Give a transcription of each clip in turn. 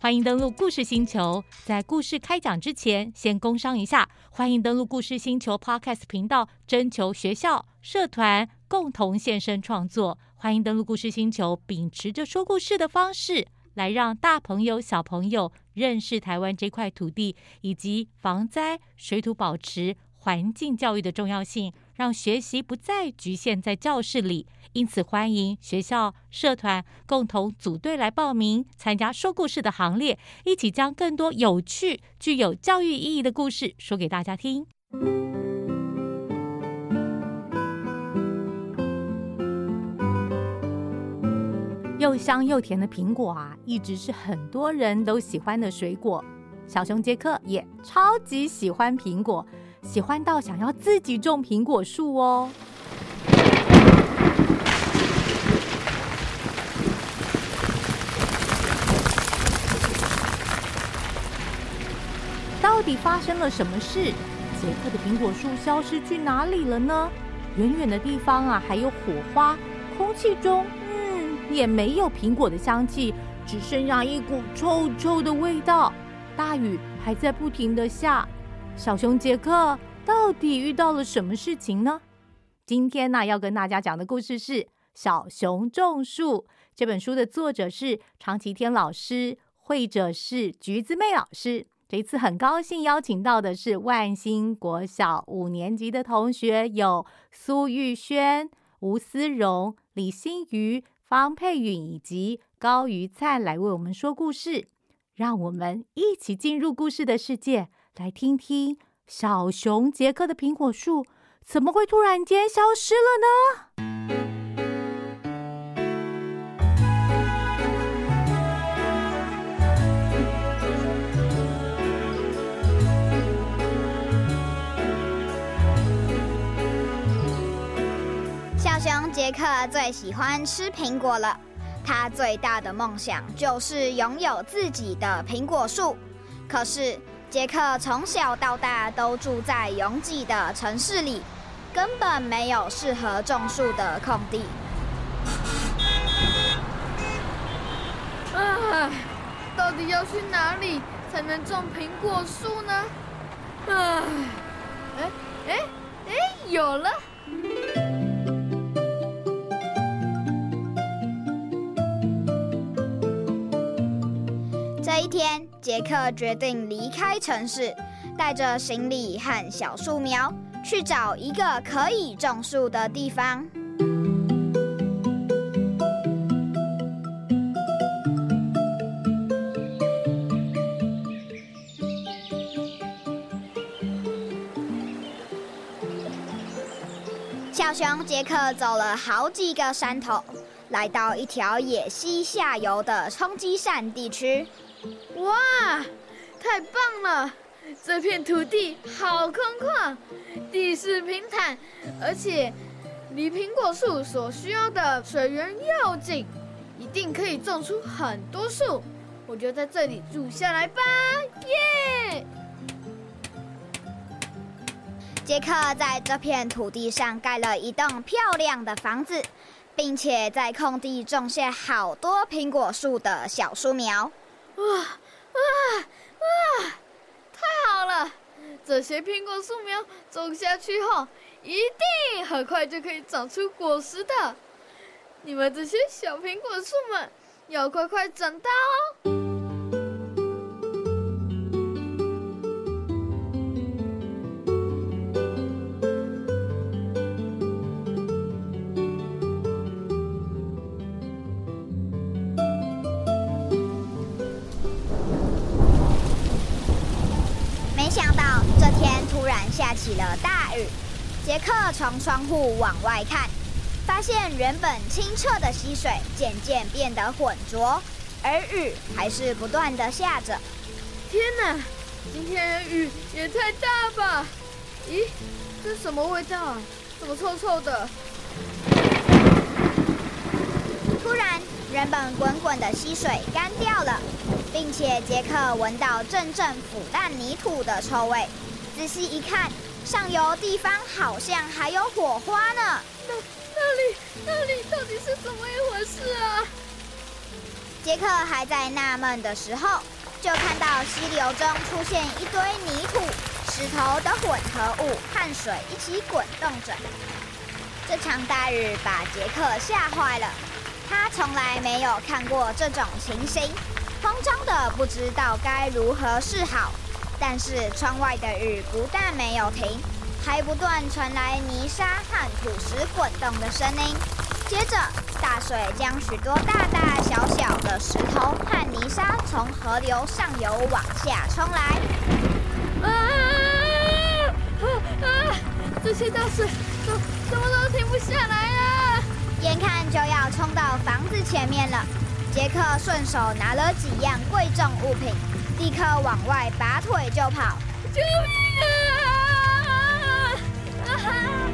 歡迎登錄故事星球。在故事開講之前，先工商一下。歡迎登錄故事星球 Podcast 頻道，徵求學校、社團共同現身創作。歡迎登錄故事星球，秉持着說故事的方式來讓大朋友、小朋友認識台灣這塊土地，以及防災、水土保持、環境教育的重要性。讓學習不再侷限在教室裡，因此歡迎學校社團共同組隊來報名參加說故事的行列，一起將更多有趣、具有教育意義的故事說給大家聽。又香又甜的蘋果啊，一直是很多人都喜歡的水果。小熊傑克也超級喜歡蘋果。喜歡到想要自己種蘋果樹哦。到底發生了什麼事？杰克的蘋果樹消失去哪裡了呢？遠遠的地方啊，還有火花，空氣中，嗯，也沒有蘋果的香氣，只剩下一股臭臭的味道。大雨還在不停的下。小熊傑克到底遇到了什麼事情呢？今天呢、啊，要跟大家講的故事是《小熊種樹》。這本書的作者是常祈天老師，繪者是橘子妹老師。這一次很高興邀請到的是萬興國小五年級的同學，有蘇育萱、吳思瑢、李心妤、方霈允以及高瑜燦來為我們說故事。讓我們一起進入故事的世界。來聽聽小熊傑克的蘋果樹怎麼會突然間消失了呢？小熊傑克最喜歡吃蘋果了，他最大的夢想就是擁有自己的蘋果樹，可是。杰克從小到大都住在擁擠的城市裡，根本沒有適合種樹的空地。唉、啊，到底要去哪裡才能種蘋果樹呢？唉、啊，哎哎哎，有了！這一天。杰克決定離開城市，帶着行李和小樹苗去找一個可以種樹的地方。小熊杰克走了好幾個山頭，來到一條野溪下游的沖積扇地區。哇，太棒了！這片土地好空曠，地勢平坦，而且離蘋果樹所需要的水源又近，一定可以種出很多樹。我就在這裡住下來吧，耶！傑克在這片土地上蓋了一棟漂亮的房子，並且在空地種下好多蘋果樹的小樹苗。哇！啊太好了，這些蘋果樹苗種下去後，一定很快就可以長出果實的。你們這些小蘋果樹們，要快快長大哦！下起了大雨，傑克從窗戶往外看，發現原本清澈的溪水漸漸變得渾濁，而雨還是不斷地下着。天哪，今天雨也太大吧？咦，這是什麼味道？怎麼臭臭的？突然，原本滾滾的溪水乾掉了，並且傑克聞到陣陣腐爛泥土的臭味。仔細一看，上游地方好像還有火花呢。那那裡那裡到底是怎麼一回事啊？傑克還在納悶的時候，就看到溪流中出現一堆泥土、石頭的混合物，和水一起滾動着。這場大雨把傑克嚇壞了，他從來沒有看過這種情形，慌張的不知道該如何是好。但是窗外的雨不但沒有停，還不斷傳來泥沙和土石滾動的聲音。接着，大水將許多大大小小的石頭和泥沙從河流上游往下沖來。啊啊啊啊！這些大水怎怎麼都停不下來了，眼看就要沖到房子前面了，傑克順手拿了幾樣貴重物品，立刻往外拔腿就跑，救命啊！啊哈！啊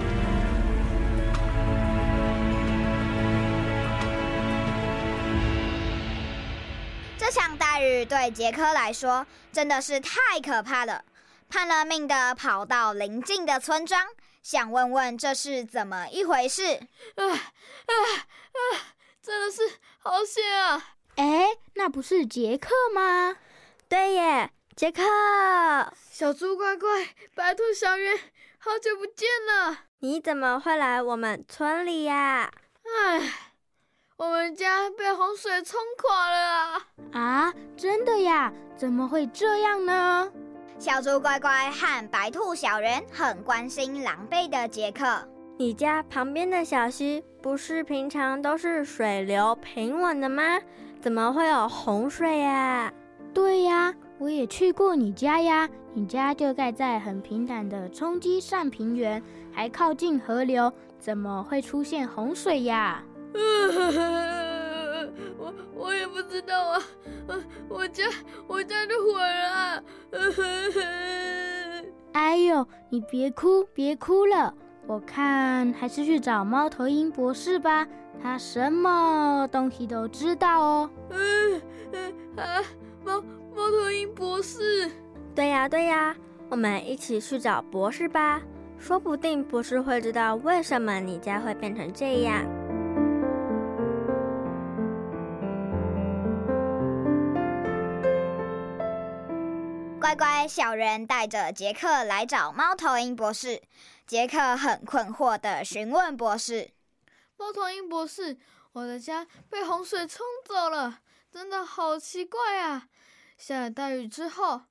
這場大雨對杰克來說真的是太可怕了，拼了命的跑到鄰近的村莊，想問問這是怎麼一回事。啊啊啊！真的是好險啊！哎，那不是傑克嗎？對耶，傑克，小豬乖乖、白兔小人，好久不見了！你怎麼會來我們村裡呀？唉，我們家被洪水沖垮了。啊，真的呀？怎麼會這樣呢？小豬乖乖和白兔小人很關心狼狽的傑克。你家旁邊的小溪不是平常都是水流平穩的嗎？怎麼會有洪水呀？對呀，我也去過你家呀。你家就蓋在很平坦的沖積扇平原，還靠近河流，怎麼會出現洪水呀？呃、我我也不知道啊。我家我家都毀了！啊。呃、哎呦，你別哭別哭了，我看還是去找貓頭鷹博士吧，他什麼東西都知道哦。呃呃啊貓貓頭鷹博士，對呀對呀，我們一起去找博士吧，說不定博士會知道為什麼你家會變成這樣。乖乖，小人帶着傑克來找貓頭鷹博士，傑克很困惑地詢問博士：“貓頭鷹博士，我的家被洪水沖走了，真的好奇怪啊！”下了大雨之後，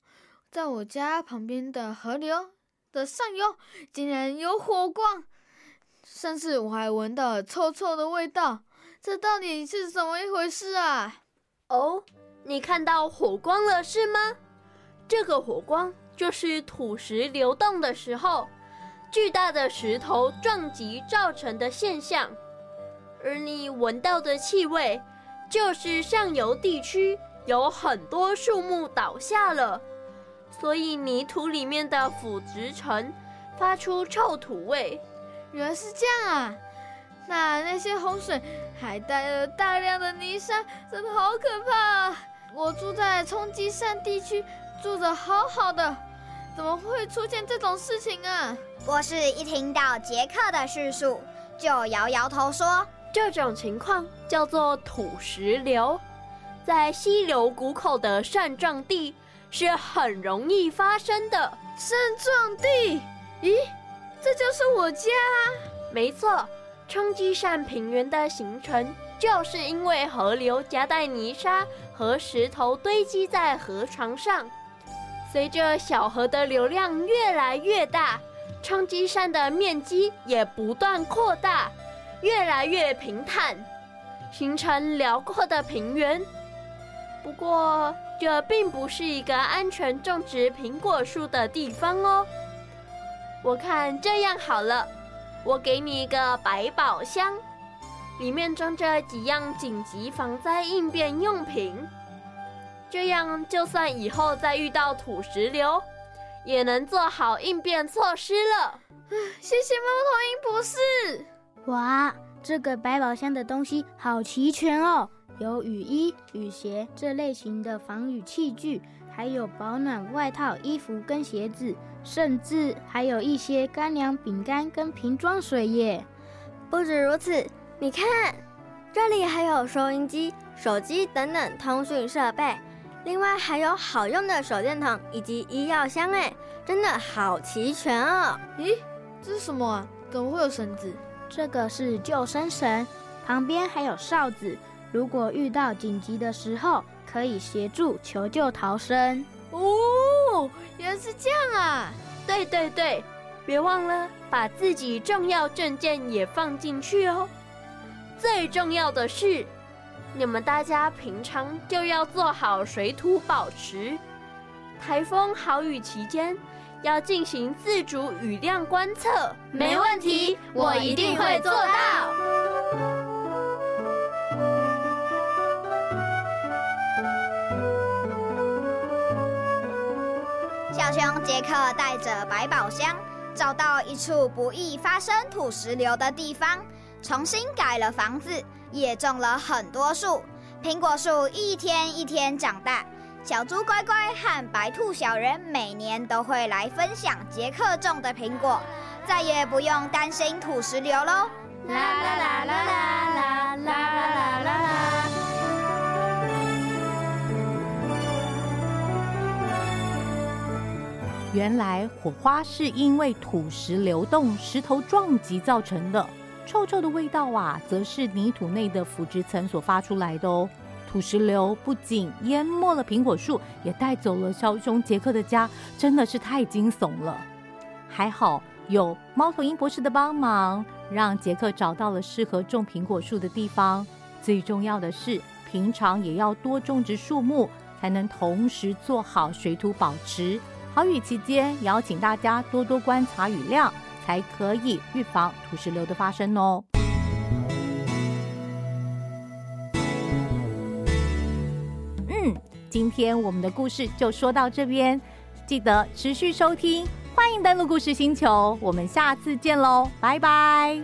在我家旁邊的河流的上游竟然有火光，甚至我還聞到了臭臭的味道。這到底是怎麼一回事啊？哦，你看到火光了是嗎？這個火光就是土石流動的時候，巨大的石頭撞擊造成的現象，而你聞到的氣味就是上游地區。有很多樹木倒下了，所以泥土裡面的腐殖層發出臭土味。原來是這樣啊！那那些洪水還帶了大量的泥沙，真的好可怕啊！我住在沖積扇地區，住着好好的，怎麼會出現這種事情啊？博士一聽到傑克的敘述，就搖搖頭說：“這種情況叫做土石流。”在溪流谷口的扇狀地是很容易發生的扇狀地。咦，這就是我家！沒錯，沖積扇平原的形成就是因為河流夾帶泥沙和石頭堆積在河床上。隨着小河的流量越來越大，沖積扇的面積也不斷擴大，越來越平坦，形成遼闊的平原。不過，這並不是一個安全種植蘋果樹的地方哦。我看這樣好了，我給你一個百寶箱，裡面裝着幾樣緊急防災應變用品，這樣就算以後再遇到土石流，也能做好應變措施了。謝謝貓頭鷹博士！哇，這個百寶箱的東西好齊全哦。有雨衣、雨鞋這類型的防雨器具，還有保暖外套、衣服跟鞋子，甚至還有一些乾糧、餅乾跟瓶裝水耶。不止如此，你看，這裡還有收音機、手機等等通訊設備，另外還有好用的手電筒以及醫藥箱。哎，真的好齊全哦！咦，這是什麼啊？怎麼會有繩子？這個是救生繩，旁邊還有哨子。如果遇到緊急的時候，可以協助求救逃生。哦，原來是這樣啊！對對對，別忘了把自己重要證件也放進去哦。最重要的是，你們大家平常就要做好水土保持。颱風豪雨期間，要進行自主雨量觀測。沒問題，我一定會做到。當傑克帶着百寶箱，找到一處不易發生土石流的地方，重新蓋了房子，也種了很多樹。蘋果樹一天一天長大，小豬乖乖和白兔小人每年都會來分享杰克種的蘋果，再也不用擔心土石流嘍。啦啦啦啦啦啦啦啦。啦啦啦啦原來火花是因為土石流動、石頭撞擊造成的，臭臭的味道啊，則是泥土內的腐殖層所發出來的哦。土石流不僅淹沒了蘋果樹，也帶走了小熊傑克的家，真的是太驚悚了。還好有貓頭鷹博士的幫忙，讓傑克找到了適合種蘋果樹的地方。最重要的是，平常也要多種植樹木，才能同時做好水土保持。好雨期間，也要請大家多多觀察雨量，才可以預防土石流的發生哦。嗯，今天我們的故事就說到這邊，記得持續收聽，歡迎登陸故事星球，我們下次見嘍，拜拜。